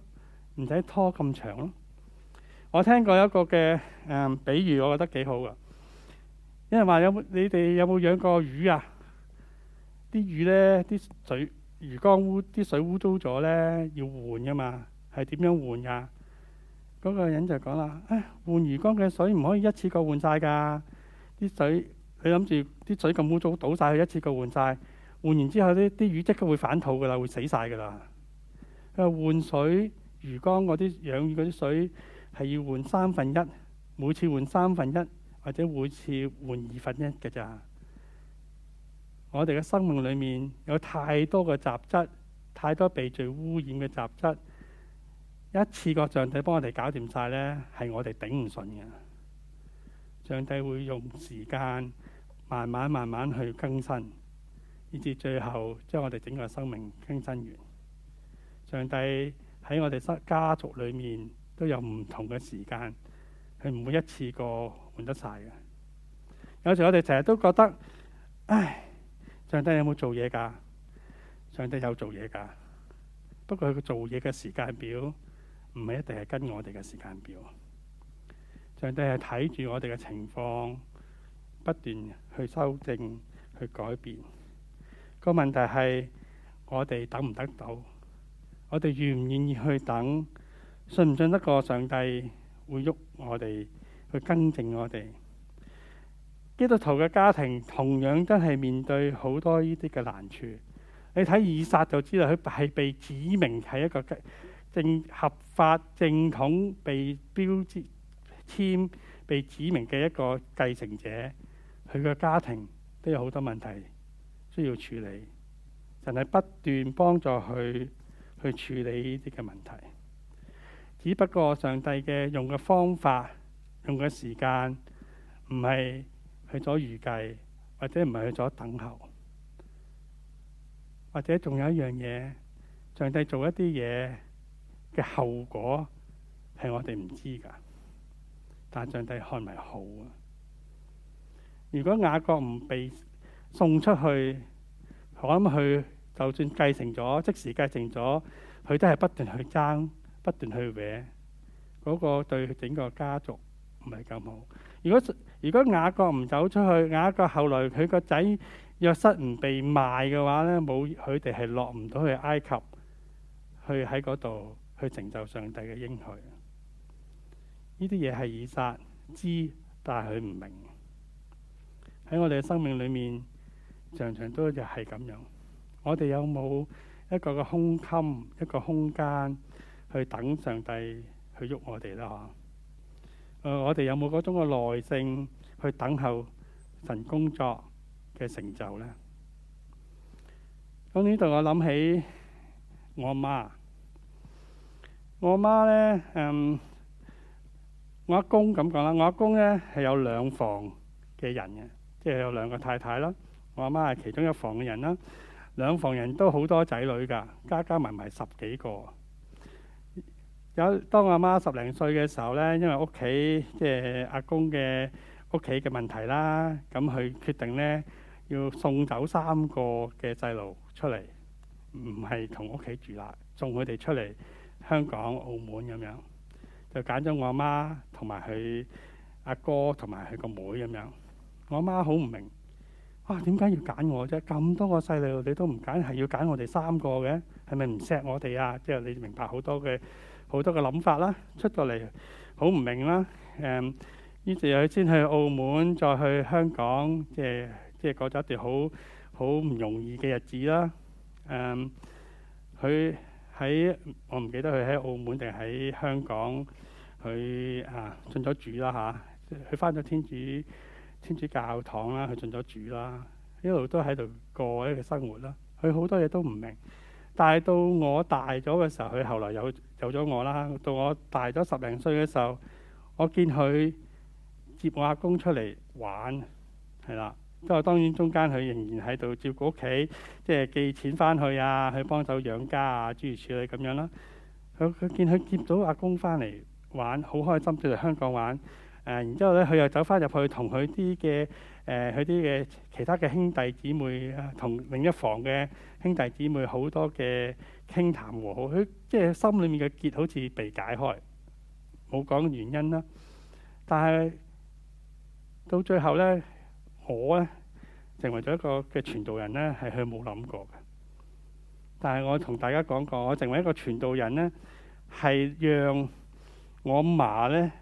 唔使拖咁長咯。我聽過一個嘅誒、嗯、比喻，我覺得幾好噶。因為話有冇你哋有冇養過魚啊？啲魚呢，啲水魚缸污啲水污糟咗呢，要換噶嘛？係點樣換呀？嗰、那個人就講啦，誒、哎，換魚缸嘅水唔可以一次過換晒㗎。啲水你諗住啲水咁污糟，倒晒去一次過換晒。換完之後呢，啲魚即刻會反肚噶啦，會死晒噶啦。佢話換水魚缸嗰啲養魚嗰啲水係要換三分一，每次換三分一或者每次換二分一嘅咋。我哋嘅生命裡面有太多嘅雜質，太多被罪污染嘅雜質，一次個上帝幫我哋搞掂晒呢，係我哋頂唔順嘅。上帝會用時間慢慢慢慢去更新。以至最後將我哋整個生命更新完。上帝喺我哋室家族裏面都有唔同嘅時間，佢唔會一次過換得晒嘅。有時我哋成日都覺得，唉，上帝有冇做嘢㗎？上帝有做嘢㗎，不過佢做嘢嘅時間表唔係一定係跟我哋嘅時間表。上帝係睇住我哋嘅情況，不斷去修正、去改變。個問題係：我哋等唔得到？我哋願唔願意去等？信唔信得過上帝會喐我哋去更正我哋？基督徒嘅家庭同樣真係面對好多呢啲嘅難處。你睇以撒就知道，佢係被指明係一個正合法正統被標籤、被指明嘅一個繼承者，佢嘅家庭都有好多問題。需要處理，神係不斷幫助佢去處理呢啲嘅問題。只不過上帝嘅用嘅方法、用嘅時間，唔係去咗預計，或者唔係去咗等候，或者仲有一樣嘢，上帝做一啲嘢嘅後果係我哋唔知噶，但上帝看埋好啊。如果雅各唔被送出去，我諗佢就算繼承咗，即時繼承咗，佢都係不斷去爭，不斷去搲。嗰個對整個家族唔係咁好。如果如果雅各唔走出去，雅各後來佢個仔約瑟唔被賣嘅話呢冇佢哋係落唔到去埃及，去喺嗰度去成就上帝嘅應許。呢啲嘢係以撒知，但係佢唔明。喺我哋嘅生命裏面。常常都就係咁樣。我哋有冇一個個胸襟一個空間去等上帝去喐我哋咧？嗬？誒，我哋有冇嗰種嘅耐性去等候神工作嘅成就咧？咁呢度我諗起我媽，我媽咧誒，我阿公咁講啦。我阿公咧係有兩房嘅人嘅，即係有兩個太太啦。我阿媽係其中一房嘅人啦，兩房人都好多仔女噶，加加埋埋十幾個。有當我阿媽十零歲嘅時候呢，因為屋企即係阿公嘅屋企嘅問題啦，咁佢決定呢要送走三個嘅細路出嚟，唔係同屋企住啦，送佢哋出嚟香港、澳門咁樣，就揀咗我阿媽同埋佢阿哥同埋佢個妹咁樣。我阿媽好唔明。啊，點解要揀我啫？咁多個細路你都唔揀，係要揀我哋三個嘅？係咪唔錫我哋啊？即係你明白好多嘅好多嘅諗法啦。出到嚟好唔明啦。誒，於是佢先去澳門，再去香港，即係即係過咗一段好好唔容易嘅日子啦。誒，佢喺我唔記得佢喺澳門定喺香港，佢啊進咗主啦嚇，佢翻咗天主。天主教堂啦，佢信咗主啦，一路都喺度過一個生活啦。佢好多嘢都唔明，但係到我大咗嘅時候，佢後來有有咗我啦。到我大咗十零歲嘅時候，我見佢接我阿公出嚟玩，係啦。不過當然中間佢仍然喺度照顧屋企，即係寄錢翻去啊，去幫手養家啊，諸如此類咁樣啦。佢佢見佢接咗阿公翻嚟玩，好開心，出嚟香港玩。誒，然之後咧，佢又走翻入去同佢啲嘅誒，佢啲嘅其他嘅兄弟姊妹，同另一房嘅兄弟姊妹好多嘅傾談和好，佢即係心裏面嘅結好似被解開，冇講原因啦。但係到最後咧，我咧成為咗一個嘅傳道人咧，係佢冇諗過嘅。但係我同大家講過，我成為一個傳道人咧，係讓我阿嫲咧。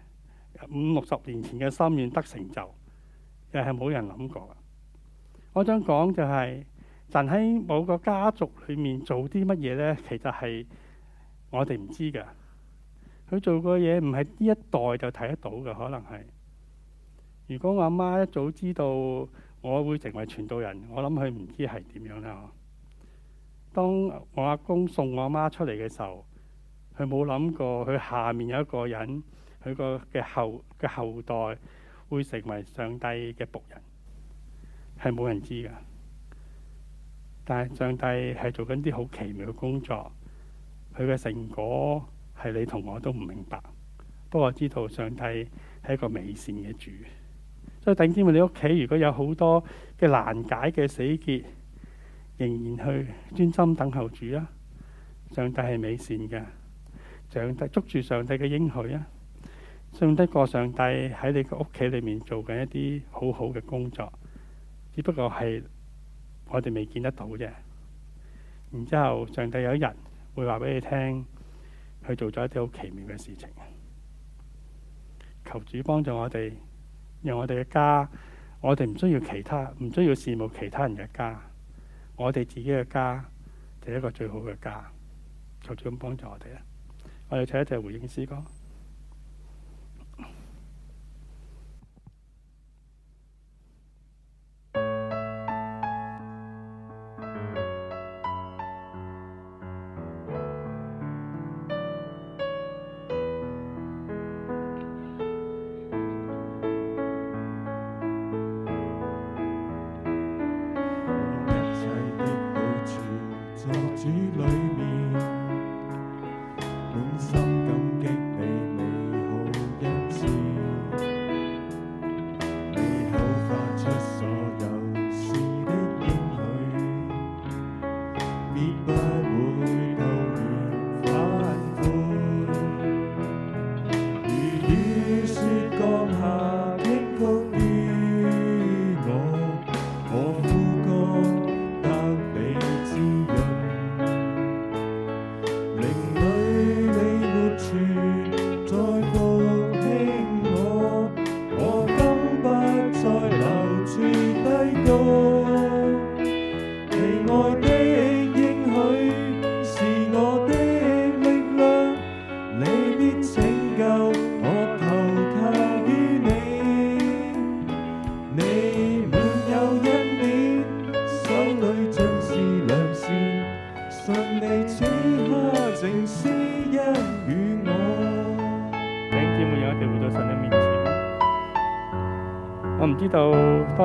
五六十年前嘅心願得成就，又係冇人諗過。我想講就係、是，但喺某個家族裏面做啲乜嘢咧，其實係我哋唔知嘅。佢做過嘢唔係呢一代就睇得到嘅，可能係。如果我阿媽一早知道我會成為傳道人，我諗佢唔知係點樣啦。當我阿公送我阿媽出嚟嘅時候，佢冇諗過佢下面有一個人。佢個嘅後嘅後代會成為上帝嘅僕人，係冇人知噶。但係上帝係做緊啲好奇妙嘅工作，佢嘅成果係你同我都唔明白。不過我知道上帝係一個美善嘅主，所以頂尖。你屋企如果有好多嘅難解嘅死結，仍然去專心等候主啊！上帝係美善嘅，上帝捉住上帝嘅應許啊！信得過上帝喺你嘅屋企裏面做緊一啲好好嘅工作，只不過係我哋未見得到啫。然之後上帝有一日會話俾你聽，佢做咗一啲好奇妙嘅事情。求主幫助我哋，讓我哋嘅家，我哋唔需要其他，唔需要羨慕其他人嘅家，我哋自己嘅家就係一個最好嘅家。求主咁幫助我哋啊！我哋請一齊回應詩歌。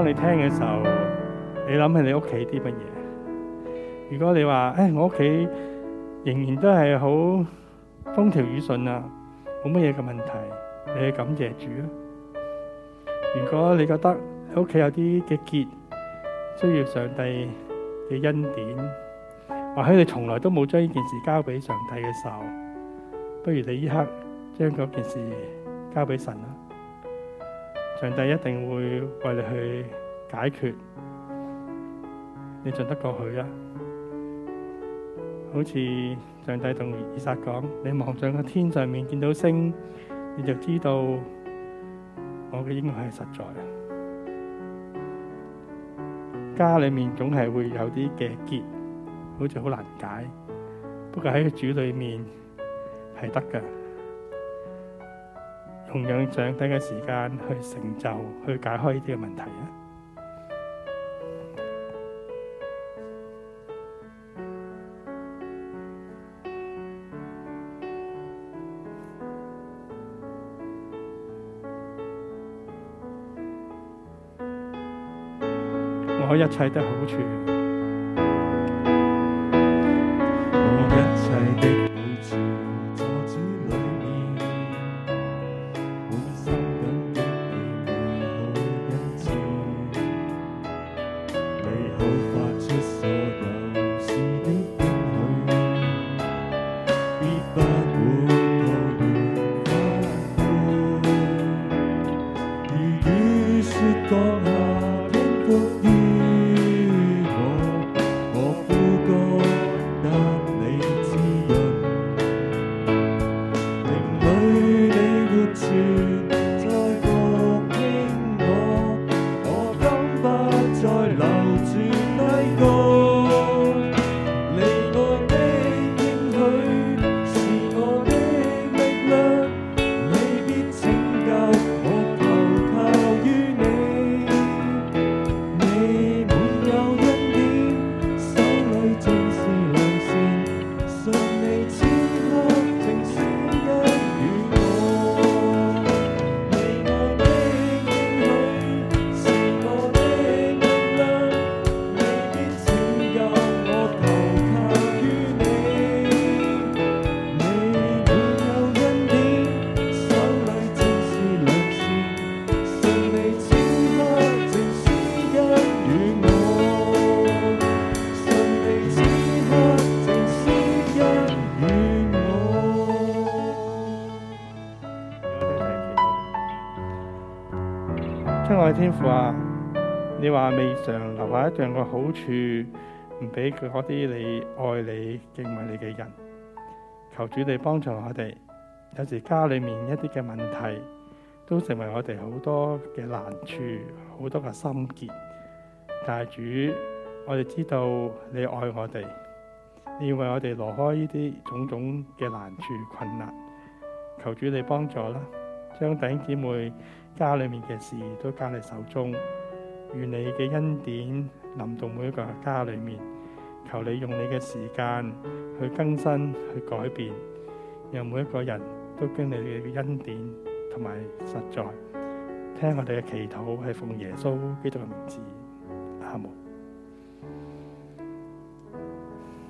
你聽嘅時候，你諗起你屋企啲乜嘢？如果你話誒、哎，我屋企仍然都係好風調雨順啊，冇乜嘢嘅問題，你去感謝主啦。如果你覺得你屋企有啲嘅結，需要上帝嘅恩典，或者你從來都冇將呢件事交俾上帝嘅時候，不如你依刻將嗰件事交俾神啦。上帝一定會為你去解決，你進得過去啊？好似上帝同以撒講：你望上個天上面見到星，你就知道我嘅應許係實在嘅。家裏面總係會有啲嘅結，好似好難解。不過喺個主裏面係得㗎。同樣上帝嘅時間去成就、去解開呢啲嘅問題啊！我一切都好處。天父啊，你話未嘗留下一樣嘅好處，唔俾佢嗰啲你愛你敬畏你嘅人。求主你幫助我哋，有時家裏面一啲嘅問題，都成為我哋好多嘅難處，好多嘅心結。但係主，我哋知道你愛我哋，你要為我哋挪開呢啲種種嘅難處困難。求主你幫助啦，將弟兄姊妹。家裏面嘅事都交你手中，願你嘅恩典臨到每一個家裏面，求你用你嘅時間去更新、去改變，讓每一個人都經歷你嘅恩典同埋實在。聽我哋嘅祈禱係奉耶穌基督嘅名字，阿門。